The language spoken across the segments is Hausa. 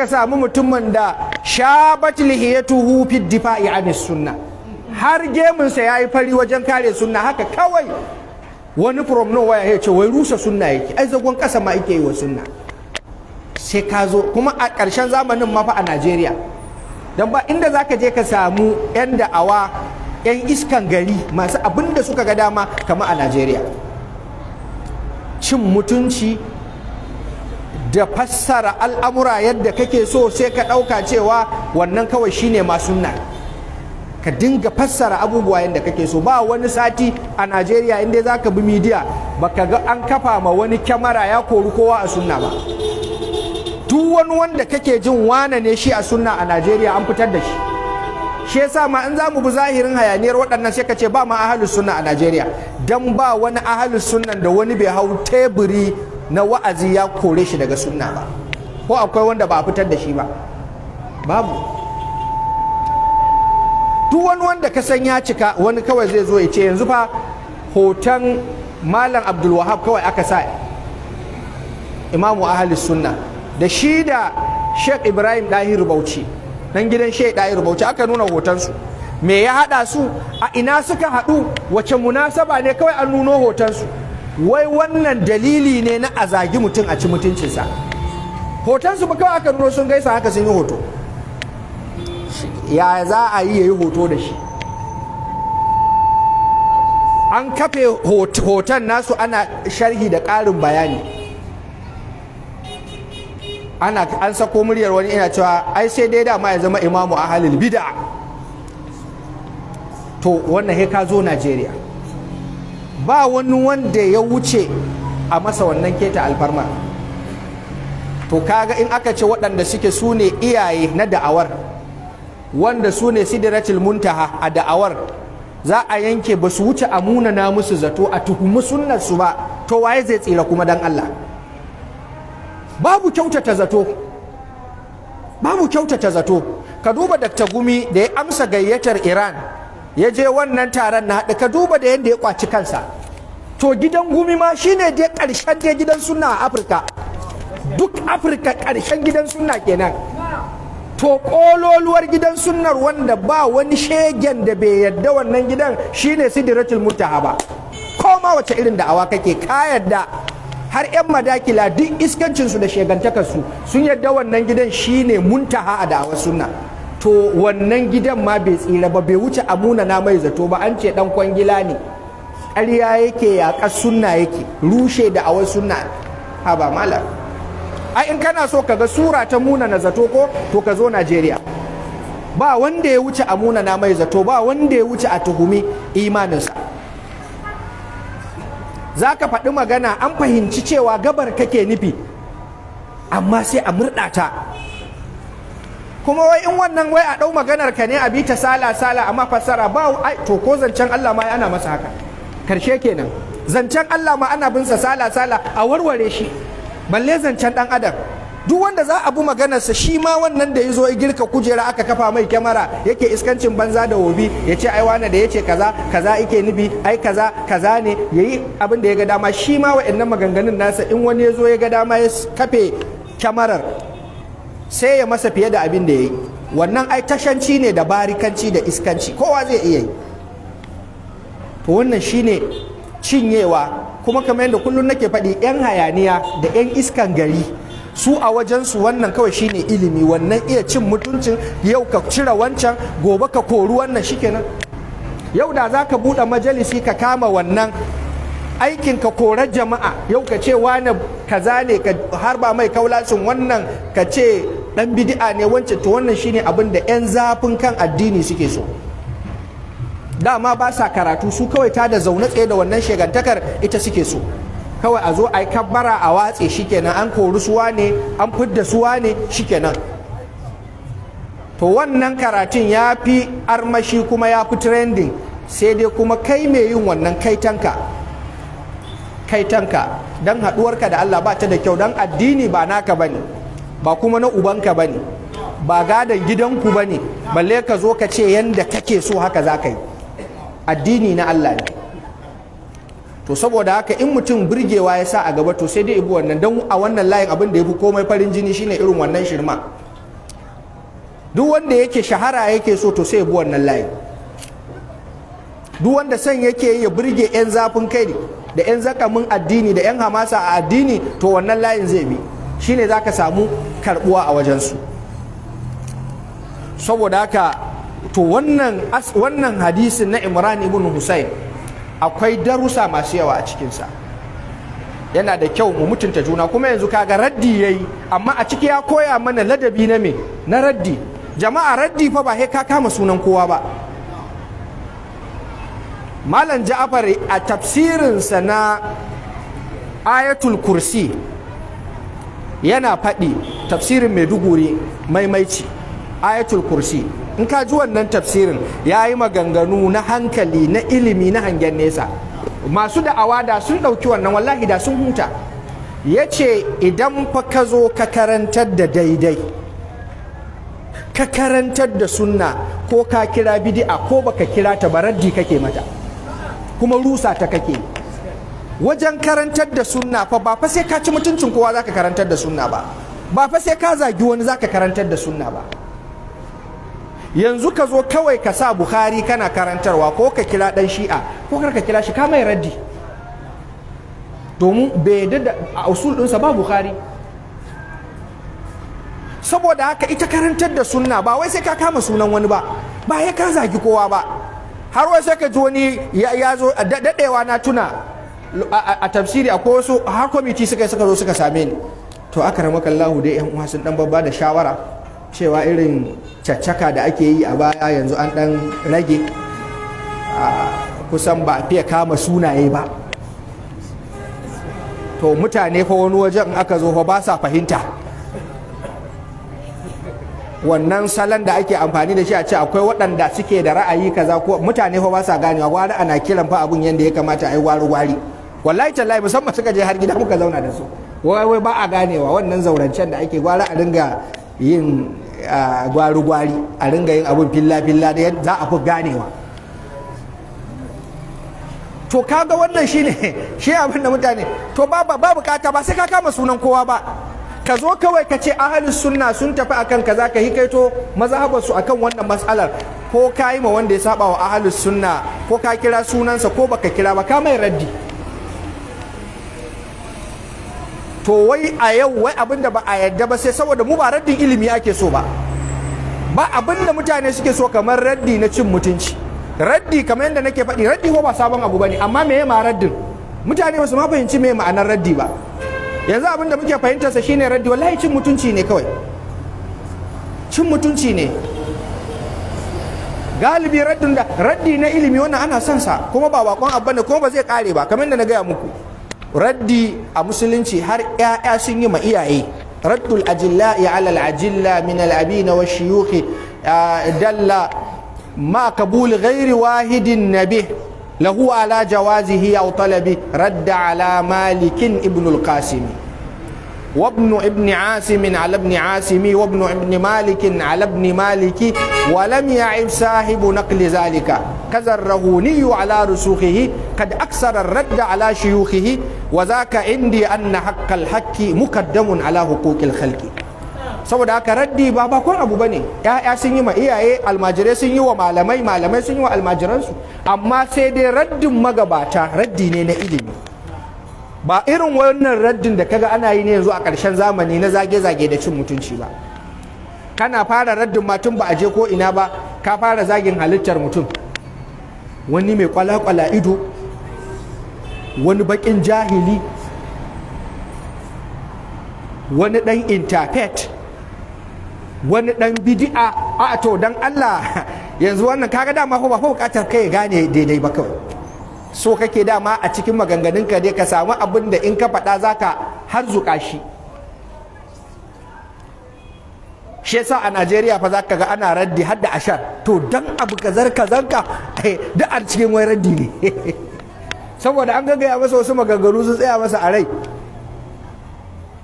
ka samu mutumin da shabat lihiyatuhu fi difa'i anis sunna har geminsa ya yi fari wajen kare sunna haka kawai wani from nowhere ya ce wai rusa sunna yake ai zagon kasa ma yake yi wa sunna sai ka zo kuma a ƙarshen zamanin mafa a Najeriya don ba inda za ka je ka samu 'yan da'awa 'yan iskan gari masu abin da suka ga dama kama a Najeriya cin mutunci da fassara al'amura yadda kake so sai ka ɗauka cewa wannan kawai shine masu nan ka dinga fassara abubuwa yadda kake so ba wani sati a najeriya inda za ka bi midiya baka ga an kafa ma wani kyamara ya kori kowa a sunna ba duk wani wanda kake jin wane ne shi a sunna a najeriya an fitar da shi shi yasa ma in za mu bi zahirin hayaniyar waɗannan sai ka ce ba ma ahalus sunna a najeriya dan ba wani ahalus sunna da wani bai hau teburi na wa'azi ya kore shi daga sunna ba ko akwai wanda ba a fitar da shi ba babu duk wani wanda ka san ya cika wani kawai zai zo ya ce yanzu fa hoton malam abdulwahab kawai aka sa imamu ahli sunna da shi da sheikh ibrahim Dahir bauchi nan gidan sheikh Dahir bauchi aka nuna hotonsu me ya haɗa su a ina suka haɗu wace munasaba ne kawai an nuno hotonsu wai wannan dalili ne na a zagi mutum a ci mutuncinsa hotonsu ba kawai aka nuno sun gaisa haka sun yi hoto ya za a yi ya yi hoto da shi an kafe hoton nasu ana sharhi da ƙarin bayani ana an sako muryar wani ina cewa ai sai dai dama ya zama imamu a halil bida to wannan he ka zo najeriya ba wani wanda ya wuce a masa wannan keta alfarma to kaga in aka ce waɗanda suke su ne iyaye na da'awar wanda su ne sidiratul muntaha a da'awar za a yanke ba su wuce a na musu zato a tuhumi su ba to waye zai tsira kuma dan Allah babu kyautata zato babu kyautata zato ka duba dakta Gumi da ya amsa gayyatar Iran ya je wannan taron na haɗu ka duba da yadda ya kwaci kansa to gidan gumi ma shine dai ƙarshen dai gidan sunna a afirka duk afirka karshen gidan sunna kenan to ƙololuwar gidan sunnar wanda ba wani shegen da bai yadda wannan gidan shine sidiratul muntaha ba ko ma wace irin awa kake ka yadda har 'yan madakila duk iskancinsu da shegantakarsu sun yadda wannan gidan shine muntaha a da'awar sunna to wannan gidan ma bai tsira ba bai wuce amuna na mai zato ba an ce dan kwangila ne ƙarya yake yaƙar sunna yake rushe da awar sunna ha ba malam ai in kana so ka ga sura ta muna na zato ko to ka zo Najeriya ba wanda ya wuce a muna na mai zato ba wanda ya wuce a tuhumi imaninsa za ka faɗi magana an fahimci cewa gabar kake nufi amma sai a murɗa kuma wai in wannan wai a ɗau maganar ka ne a bi ta sala sala amma fassara ba to ko zancen Allah ma ana masa haka karshe kenan zancen Allah ma ana bin sa sala sala a warware shi balle zancen dan adam duk wanda za a bi sa shi ma wannan da yazo girka kujera aka kafa mai kyamara yake iskancin banza da wobi ya ce ai wane da ya ce kaza kaza ike nufi ai kaza kaza ne yayi yi abin da ya ga dama shi ma wa'annan maganganun nasa in wani ya zo ya ga dama ya kafe kyamarar sai ya masa fiye da abin da ya yi wannan ai tashanci ne da barikanci da iskanci kowa zai iya yi to wannan shine cinyewa kuma kamar yadda kullum nake faɗi 'yan hayaniya da 'yan iskan gari su a wajensu wannan kawai shine ilimi wannan iya cin mutuncin yau ka cire wancan gobe ka kori wannan shikenan yau da za ka buɗe majalisi ka kama wannan aikin ka kora jama'a yau ka ce wani kaza ne ka harba mai kaulacin wannan ka ce dan bidi'a ne wancan to wannan shine abin da 'yan zafin kan addini suke so dama ba sa karatu su kawai ta da zaune tsaye da wannan shegantakar ita suke so kawai a zo a yi kabbara a watse shikenan an kori suwa ne an fidda suwa ne shikenan to wannan karatun ya fi armashi kuma ya fi trending sai dai kuma kai mai yin wannan kaitanka kaitanka don haɗuwarka da Allah ba ta da kyau don addini ba naka bane ba kuma na ubanka bane ba gadon gidanku bane balle ka zo ka ce yanda kake so haka za ka yi addini na Allah ne to saboda haka in mutum birgewa ya sa a gaba to sai dai ibu wannan don a wannan layin abin da ya fi komai farin jini shine irin wannan shirma duk wanda yake shahara yake so to sai ibu wannan layin duk wanda son yake ya birge 'yan zafin kai da 'yan zakamin addini da 'yan hamasa a addini to wannan layin zai bi shine za ka samu karbuwa a wajensu saboda haka to wannan hadisin na imran ibn husayn akwai darusa masu yawa a cikinsa yana da kyau mu mutunta juna kuma yanzu kaga raddi yayi amma a ciki ya koya mana ladabi na me na raddi jama'a raddi fa ba ka kama sunan kowa ba malam ja'afar a tafsirinsa na ayatul kursi yana faɗi tafsirin maiduguri maimaici ayatul kursi in ka ji wannan tafsirin ya yi maganganu na hankali na ilimi na hangen nesa masu da'awa da sun ɗauki wannan wallahi da sun huta ya ce idan fa ka zo ka karantar da daidai ka karantar da sunna ko ka kira bidi'a ko baka kira ta baraddi kake mata kuma rusa ta kake wajen karantar da sunna fa ba fa sai ka ci mutuncin kowa zaka karantar da sunna ba ba fa sai ka zagi wani zaka karantar da sunna ba yanzu ka zo kawai ka sa bukhari kana karantarwa ko ka kira dan shi'a ko kar ka kira shi ka mai raddi domin bai da a usul ɗinsa ba bukhari saboda haka ita karantar da sunna ba wai sai ka kama sunan wani ba ba ya ka zagi kowa ba har wai sai ka ji wani ya zo daɗewa na tuna a tafsiri akwai wasu har kwamiti suka yi suka zo suka same ni to aka ramaka Allahu dai yan uwa sun dan babba da shawara cewa irin caccaka da ake yi a baya yanzu an ɗan rage kusan ba a fiye kama sunaye ba to mutane fa wani wajen aka zo fa ba sa fahimta wannan salon da ake amfani da shi a ce akwai waɗanda suke da ra'ayi kaza ko mutane fa ba sa ganewa gwari ana kiran fa abun yadda ya kamata a yi wari wari wallahi tallahi musamman suka je har gida muka zauna da su wai wai ba a ganewa wannan zaurancen da ake gwara a dinga yin gwari-gwari a ringa yin abin filla-filla da za a fi ganewa to kaga wannan shine shi abin da mutane to ba ba bukata ba sai ka kama sunan kowa ba ka zo kawai ka ce ahalin sunna sun tafi akan kaza ka hikaito mazhabar a akan wannan matsalar ko ka yi ma wanda ya saba wa ahalin sunna ko ka kira sunansa ko baka kira ba ka mai raddi to wai a yau wai abin da ba a yadda ba sai saboda mu ba raddin ilimi ake so ba ba abin da mutane suke so kamar raddi na cin mutunci raddi kamar yadda nake faɗi raddi ko ba sabon abu bane amma me ma raddin mutane ba su ma fahimci me ma'anar raddi ba yanzu abin da muke fahimtar sa shine raddi wallahi cin mutunci ne kawai cin mutunci ne galibi raddin da raddi na ilimi wannan ana son sa kuma ba wakon abban ne kuma ba zai kare ba kamar yadda na gaya muku raddi a musulunci har 'ya'ya sun yi ma iyaye raddul ajilla ya alal ajilla min na wa shiyuhi dalla ma kabul ghairi wahidin nabi lahu ala jawazihi aw talabi radda ala malikin ibnul qasimi وابن ابن عاصم على ابن عاصم وابن ابن مالك على ابن مالك ولم يعب صاحب نقل ذلك كذا الرهوني على رسوخه قد أكثر الرد على شيوخه وذاك عندي أن حق الحق مقدم على حقوق الخلق saboda haka raddi ba bakon abu bane ya'ya sun yi ma iyaye almajirai sun yi wa malamai malamai sun yi wa almajiransu amma sai dai raddin magabata raddi ne na ilimi ba irin wannan raddin da kaga ana yi ne yanzu a ƙarshen zamani na zage-zage da cin mutunci ba kana fara raddin matun ba a je ko ina ba ka fara zagin halittar mutum wani mai kwala-kwala ido wani baƙin jahili wani ɗan interpret wani ɗan bidi'a a to don allah yanzu wannan kaga dama ba bukatar kai gane daidai ba kawai so kake dama a cikin maganganunka dai ka samu abin da in ka faɗa za ka har zuƙa shi shi yasa a najeriya fa za ka ga ana raddi har da ashar to don abu kazar kazanka eh, duk a cikin wai raddi ne saboda an gaggaya masa wasu maganganu sun tsaya masa a rai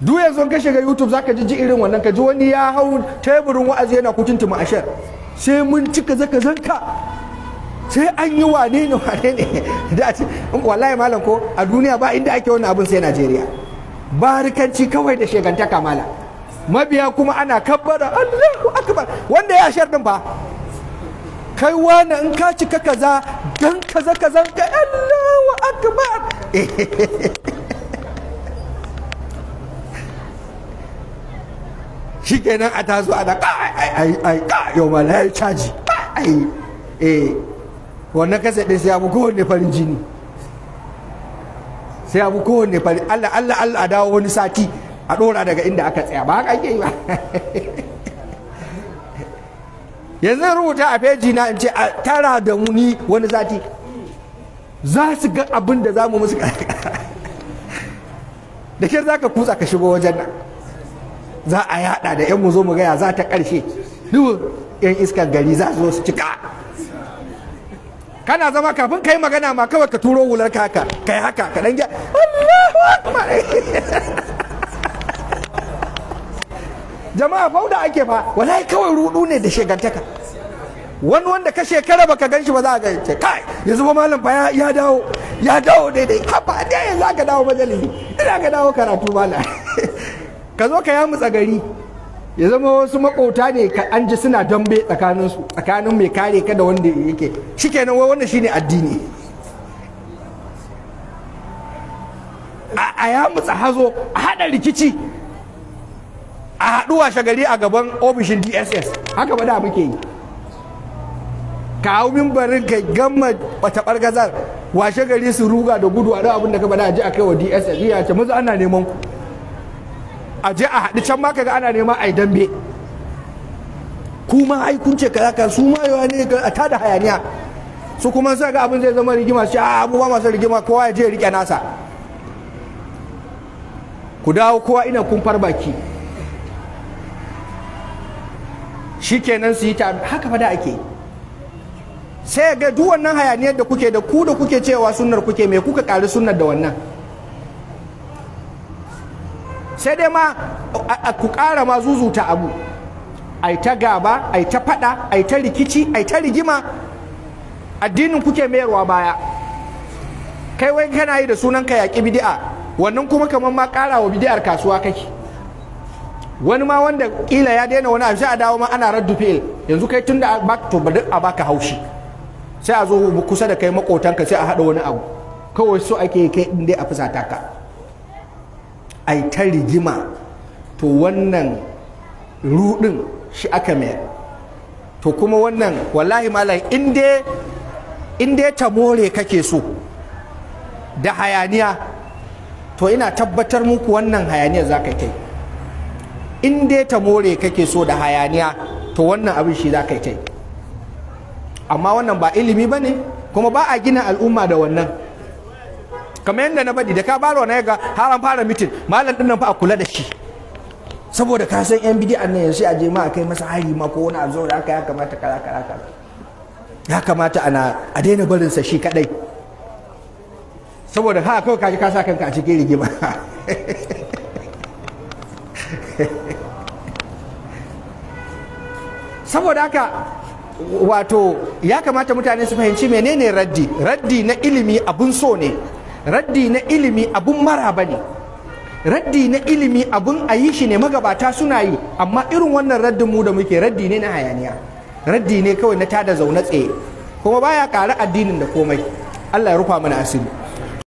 duk yanzu ka shiga youtube za ka ji irin wannan ka ji wani ya hau teburin wa'azi yana kutuntuma ashar sai mun cika zaka zanka sai an yi wane ne wane ne da ce wallahi malam ko a duniya ba inda ake wani abin sai Najeriya barikanci kawai da shegantaka mala mabiya kuma ana kabbara Allahu akbar wanda ya shar din ba kai wani in ka cika kaza dan kaza kaza ka Allahu akbar shi kenan a taso ana kai ai ai ai kai yau ma ya caji ai eh wannan kasa ɗin sai abu kowanne farin jini sai abu kowanne farin allah allah allah a dawo wani sati a ɗora daga inda aka tsaya ba haka ake yi ba yanzu rubuta a feji na in ce a tara da muni wani sati za su ga abin da za mu musu da kyar za ka kutsa ka shigo wajen nan za a yada da yan mu zo mu gaya za ta ƙarshe duk yan iskar gari za su zo su cika kana zama kafin kai magana ma kawai ka turo hular ka haka kai haka ka dan Allahu akbar jama'a fauda ake fa wallahi kawai rudu ne da shegantaka wani wanda ka shekara baka ganshi ba za a ga ce kai yanzu ba malam fa ya dawo ya dawo daidai ba dai za ka dawo majalisi ina ka dawo karatu malam ka zo ka yamutsa gari ya zama wasu makota ne an ji suna dambe tsakaninsu tsakanin mai kare ka da wanda yake kenan wai wanda shi ne addini a ya mutsa hazo a haɗa rikici a haɗuwa shagari a gaban ofishin dss haka ba da muke yi kawo mimbarin kai gama wata bargazar washe gari su ruga da gudu a abin da ka bada a ji a kai wa dss ya ce maza ana neman ku a je a haɗu can ma ga ana neman a yi dambe kuma ai kun ce kaza su ma yawa ne a tada hayaniya su kuma sa ga abin zai zama rigima shi a abubuwa masu rigima kowa ya je riƙe nasa ku dawo kowa ina kumfar baki shi kenan su yi ta haka fada ake sai ga duk wannan hayaniyar da kuke da ku da kuke cewa sunnar kuke me kuka ƙari sunnar da wannan sai dai ma ku kara ma zuzuta abu ai ta gaba ai ta faɗa ai ta rikici ai ta rigima addinin kuke mayarwa baya kai wai kana yi da sunan ka yaƙi bidi'a wannan kuma kamar ma ƙara wa bidi'ar kasuwa kake wani ma wanda ƙila ya daina wani abu sai a dawo ma ana raddu fi'il yanzu kai tun da to ba a baka haushi sai a zo kusa da kai makotanka sai a haɗa wani abu kawai so ake kai in dai a fusata ka ai ta rigima to wannan rudin shi aka mayar to kuma wannan wallahi malam inda ta more kake so da hayaniya to ina tabbatar muku wannan hayaniya za ka kai. Inda ta more kake so da hayaniya to wannan abin shi za ka kai amma wannan ba ilimi ba ne kuma ba a gina al'umma da wannan kamar yadda na badi da ka baro na ga har an fara mitin malam din nan fa a kula da shi saboda ka san yan bidi annan yanzu a je ma a kai masa hari ma ko wani abu da aka ya kamata kala kala kala ya kamata ana a daina barin sa shi kadai saboda ha kawai kaji ka sa kanka a cikin rigima saboda haka wato ya kamata mutane su fahimci menene raddi raddi na ilimi abun so ne raddi na ilimi abun maraba ne raddi na ilimi abun a yi shi ne magabata suna yi amma irin wannan raddin mu da muke raddi ne na hayaniya raddi ne kawai na tada zaune tsaye kuma baya ƙara addinin da komai Allah ya rufa mana asiri